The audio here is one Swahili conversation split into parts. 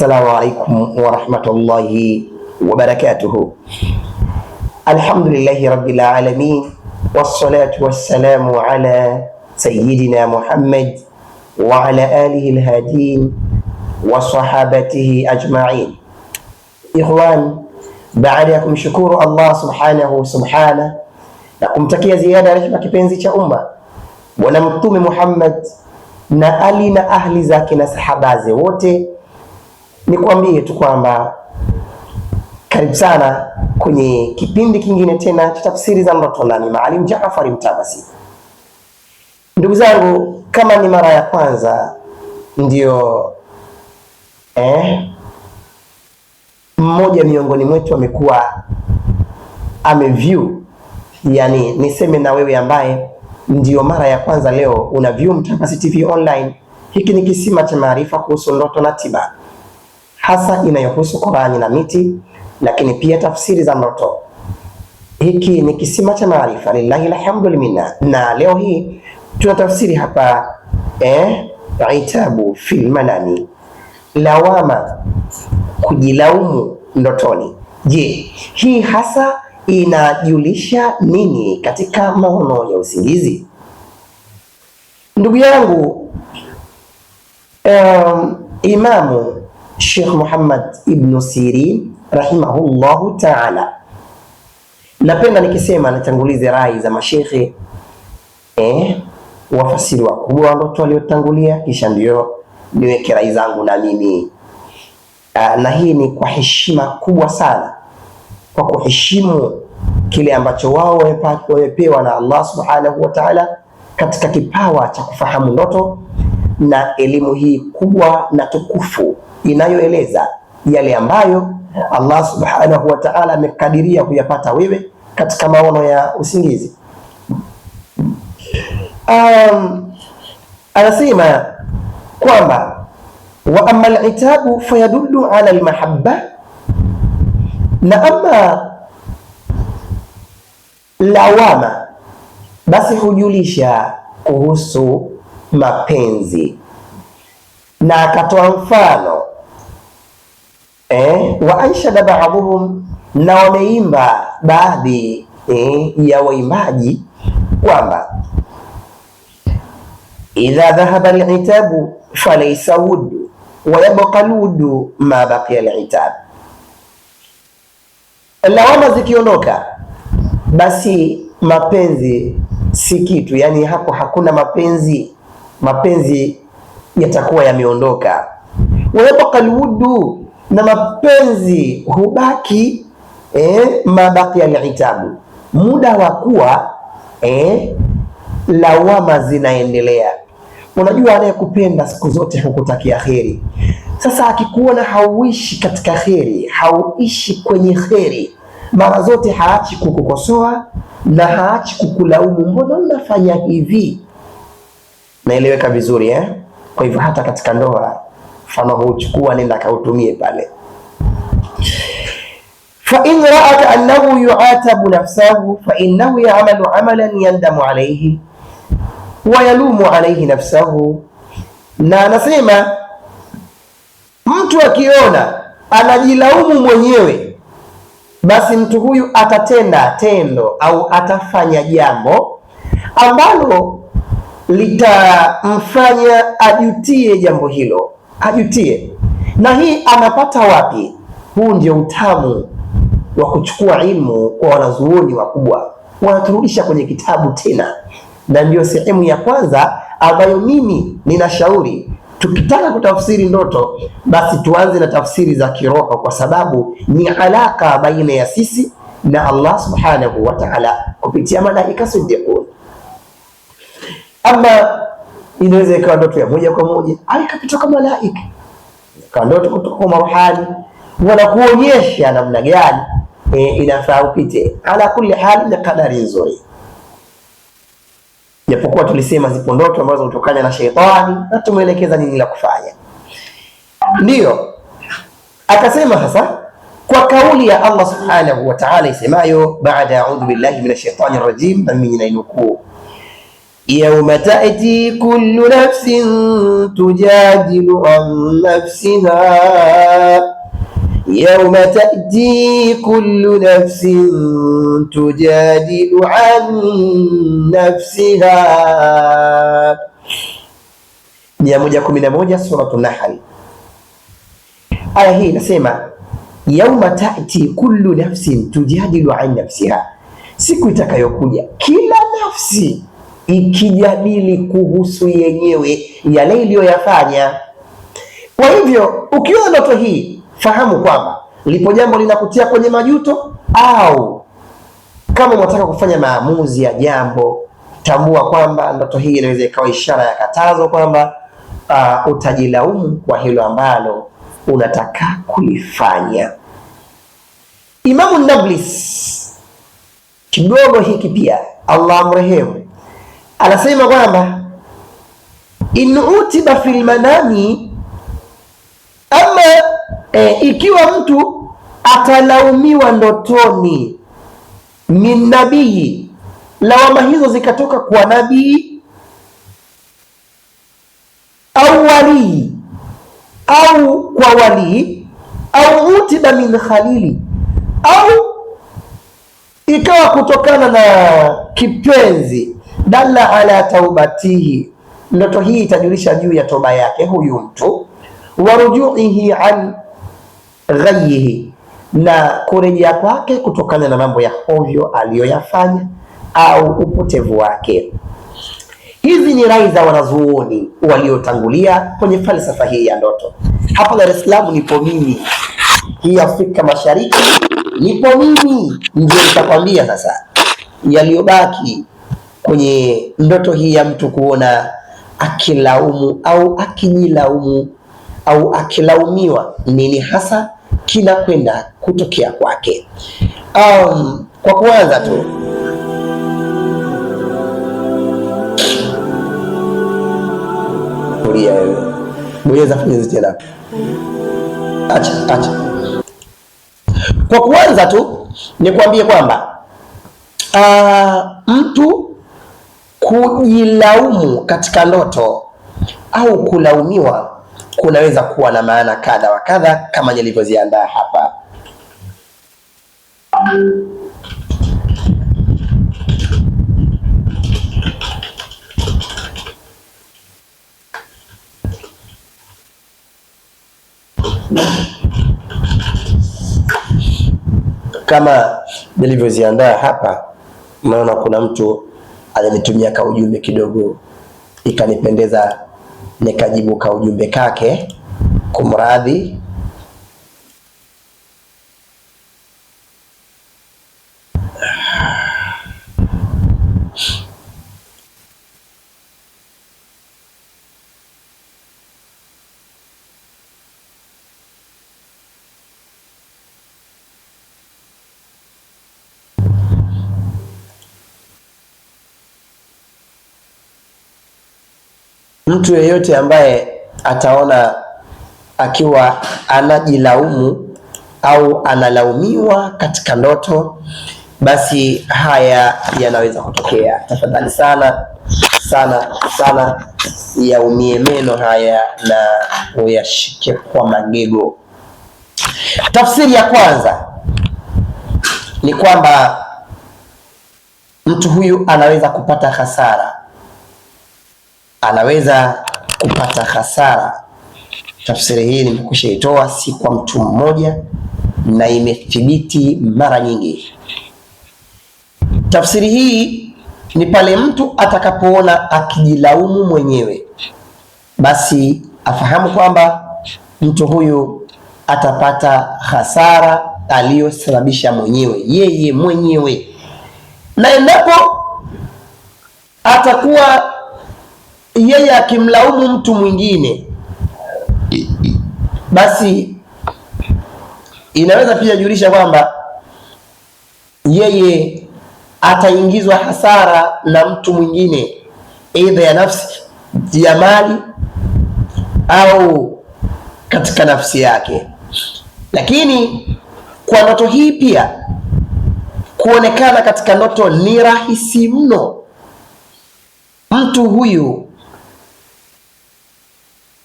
السلام عليكم ورحمة الله وبركاته الحمد لله رب العالمين والصلاة والسلام على سيدنا محمد وعلى آله الهادين وصحابته أجمعين إخوان بعدكم شكور الله سبحانه سبحانه لكم تكيا زيادة رحمة كبنزي أمة ونمتم محمد نألنا أهل زاكنا صحابة زيوته nikwambie tu kwamba karibu sana kwenye kipindi kingine tena cha tafsiri za ndoto nami Maalim Jaafar Mtavassy. Ndugu zangu, kama ni mara ya kwanza ndio eh, mmoja miongoni mwetu amekuwa ameview, yani niseme na wewe ambaye ndio mara ya kwanza leo una view Mtavassy TV online. Hiki ni kisima cha maarifa kuhusu ndoto na tiba hasa inayohusu Qur'ani na miti, lakini pia tafsiri za ndoto. Hiki ni kisima cha maarifa, lillahi alhamdul minna. Na leo hii tunatafsiri hapa eh, itabu fil manami, lawama, kujilaumu ndotoni. Je, hii hasa inajulisha nini katika maono ya usingizi? Ndugu yangu um, Imamu Sheikh Muhammad Ibn Sirin rahimahullahu taala. Napenda nikisema nitangulize rai za mashekhe eh, wafasiri wakubwa ndoto waliotangulia, kisha ndio niweke rai zangu na mimi ah, na hii ni kwa heshima kubwa sana, kwa kuheshimu kile ambacho wao wamepewa na Allah subhanahu wa taala katika kipawa cha kufahamu ndoto na elimu hii kubwa na tukufu inayoeleza yale ambayo Allah subhanahu wa ta'ala amekadiria kuyapata wewe katika maono ya usingizi. Um, anasema kwamba wa amma al-itabu fayadullu ala al-mahabba, na ama lawama basi hujulisha kuhusu mapenzi, na akatoa mfano eh, wa da ba'dhum, na wameimba baadhi eh, ya waimbaji kwamba idha dhahaba al'itabu falaysa wudu wa yabqa ludu ma baqiya al'itabu, lawama zikiondoka basi mapenzi si kitu, yani hapo hakuna mapenzi, mapenzi yatakuwa yameondoka. Wayabqa alwudu na mapenzi hubaki eh, mabaki hitabu muda wa kuwa eh, lawama zinaendelea. Unajua, anayekupenda siku zote hukutakia kheri. Sasa akikuona hauishi katika kheri, hauishi kwenye kheri, mara zote haachi kukukosoa na haachi kukulaumu, mbona unafanya hivi? Naeleweka vizuri eh? Kwa hivyo hata katika ndoa mfano huchukua nenda kautumie pale. Fa in raat annahu yuatabu nafsahu fa innahu ya'malu amalan yandamu alayhi wa yalumu alayhi nafsahu, na anasema mtu akiona anajilaumu mwenyewe, basi mtu huyu atatenda tendo au atafanya jambo ambalo litamfanya ajutie jambo hilo ajutie. Na hii anapata wapi? Huu ndio utamu wa kuchukua ilmu kwa wanazuoni wakubwa, wanaturudisha kwenye kitabu tena, na ndiyo sehemu ya kwanza ambayo mimi ninashauri tukitaka kutafsiri ndoto basi tuanze na tafsiri za kiroho, kwa sababu ni alaka baina ya sisi na Allah subhanahu wa ta'ala kupitia malaika sidiqun. Ama inaweza ikawa ndoto ya moja kwa moja au ikapitwa kama malaika, ikawa ndoto kutoka kwa maruhani, wanakuonyesha namna gani e, inafaa upite. Ala kulli hali ni kadari nzuri, japokuwa tulisema zipo ndoto ambazo hutokana na sheitani na tumeelekeza nini la kufanya. Ndiyo akasema sasa kwa kauli ya Allah subhanahu wa ta'ala isemayo, baada ya audhu billahi minash shaitani rajim, na mimi ninainukuu Yauma tati kullu nafsin tujadilu an nafsiha, yauma tati kullu nafsin tujadilu an nafsiha. Mia moja kumi na moja Suratu Nahl, aya hii inasema yauma tati kullu nafsin tujadilu an nafsiha, siku itakayokuja kila nafsi ikijadili kuhusu yenyewe yale iliyoyafanya. Kwa hivyo ukiwa ndoto hii, fahamu kwamba lipo jambo linakutia kwenye majuto, au kama unataka kufanya maamuzi ya jambo, tambua kwamba ndoto hii inaweza ikawa ishara ya katazo kwamba uh, utajilaumu kwa hilo ambalo unataka kulifanya. Imamu Nablis kidogo hiki pia, Allah amrehemu anasema kwamba in utiba fil manami, ama e, ikiwa mtu atalaumiwa ndotoni min nabii, lawama hizo zikatoka kwa nabii au walii au kwa walii au utiba min khalili au ikawa kutokana na kipenzi dalla ala taubatihi, ndoto hii itajulisha juu ya toba yake huyu mtu, wa rujuihi an ghayihi, na kurejea kwake kutokana na mambo ya hovyo aliyoyafanya au upotevu wake. Hizi ni rai za wanazuoni waliotangulia kwenye falsafa hii ya ndoto. Hapa Dar es Salaam nipo mimi, hii Afrika Mashariki nipo mimi, ndio nitakwambia sasa yaliyobaki kwenye ndoto hii ya mtu kuona akilaumu au akijilaumu au akilaumiwa nini hasa kinakwenda kutokea kwake. Um, kwa kuanza tu bonyeza tena, acha acha. Kwa kuanza tu nikwambie kwamba uh, mtu Kujilaumu katika ndoto au kulaumiwa kunaweza kuwa na maana kadha wa kadha, kama nilivyoziandaa hapa. Kama nilivyoziandaa hapa, naona kuna mtu alinitumia ka ujumbe kidogo, ikanipendeza nikajibu ka ujumbe kake, kumradhi Mtu yeyote ambaye ataona akiwa anajilaumu au analaumiwa katika ndoto, basi haya yanaweza kutokea. Tafadhali sana sana sana yaumie meno haya na uyashike kwa magego. Tafsiri ya kwanza ni kwamba mtu huyu anaweza kupata hasara anaweza kupata hasara. Tafsiri hii nimekwisha itoa, si kwa mtu mmoja, na imethibiti mara nyingi. Tafsiri hii ni pale mtu atakapoona akijilaumu mwenyewe, basi afahamu kwamba mtu huyu atapata hasara aliyosababisha mwenyewe, yeye mwenyewe, na endapo atakuwa yeye akimlaumu mtu mwingine, basi inaweza pia julisha kwamba yeye ataingizwa hasara na mtu mwingine, aidha ya nafsi ya mali au katika nafsi yake. Lakini kwa ndoto hii pia kuonekana katika ndoto ni rahisi mno. Mtu huyu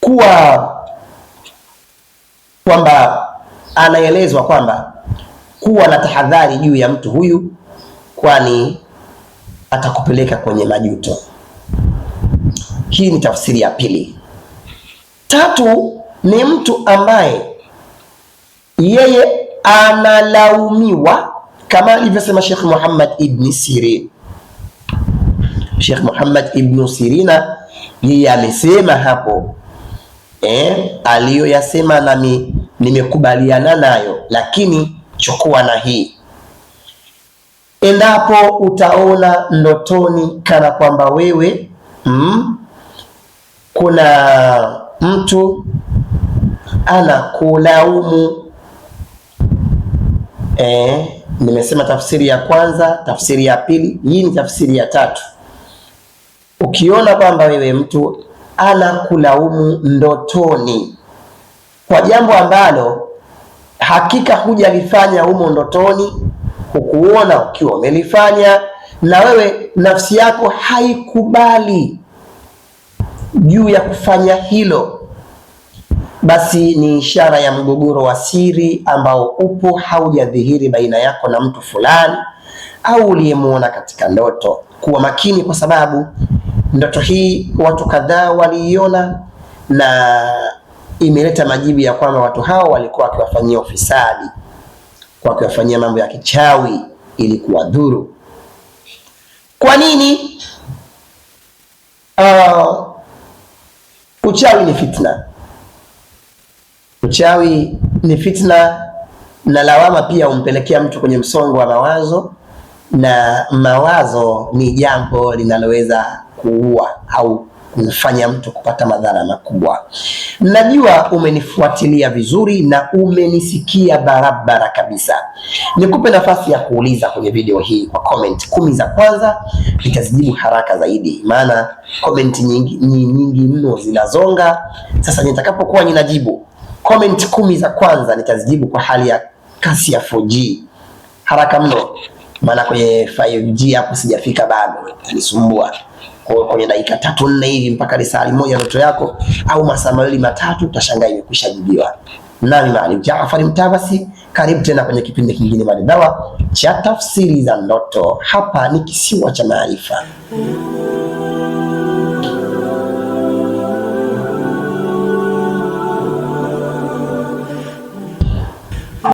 kuwa kwamba anaelezwa kwamba kuwa na tahadhari juu ya mtu huyu, kwani atakupeleka kwenye majuto. Hii ni tafsiri ya pili. Tatu ni mtu ambaye yeye analaumiwa kama alivyosema Sheikh Muhammad ibn Sirin. Sheikh Muhammad ibn Sirina yeye amesema hapo eh, aliyoyasema nami nimekubaliana nayo, lakini chukua na hii endapo utaona ndotoni kana kwamba wewe mm, kuna mtu anakulaumu. Eh, nimesema tafsiri ya kwanza, tafsiri ya pili, hii ni tafsiri ya tatu. Ukiona kwamba wewe mtu kulaumu ndotoni kwa jambo ambalo hakika hujalifanya humo ndotoni, hukuona ukiwa umelifanya, na wewe nafsi yako haikubali juu ya kufanya hilo, basi ni ishara ya mgogoro wa siri ambao upo haujadhihiri baina yako na mtu fulani au uliyemuona katika ndoto. Kuwa makini, kwa sababu Ndoto hii watu kadhaa waliiona na imeleta majibu ya kwamba watu hao walikuwa wakiwafanyia ufisadi, wakiwafanyia mambo ya kichawi ili kuwadhuru. Kwa nini? Uh, uchawi ni fitna, uchawi ni fitna na lawama pia humpelekea mtu kwenye msongo wa mawazo na mawazo ni jambo linaloweza kuua au kumfanya mtu kupata madhara makubwa. Najua umenifuatilia vizuri na umenisikia barabara kabisa. Nikupe nafasi ya kuuliza kwenye video hii kwa comment kumi za kwanza, nitazijibu haraka zaidi, maana comment nyingi nyingi mno zinazonga. Sasa nitakapokuwa ninajibu comment kumi za kwanza, nitazijibu kwa hali ya kasi ya 4G haraka mno maana kwenye 5G hapo sijafika bado, alisumbua kwa kwenye dakika tatu nne hivi mpaka risali moja ndoto yako au masaa mawili matatu utashangaa imekwisha jibiwa. Nami Maalim Jaafar Mtavassy, karibu tena kwenye kipindi kingine maridhawa cha tafsiri za ndoto. Hapa ni kisiwa cha maarifa.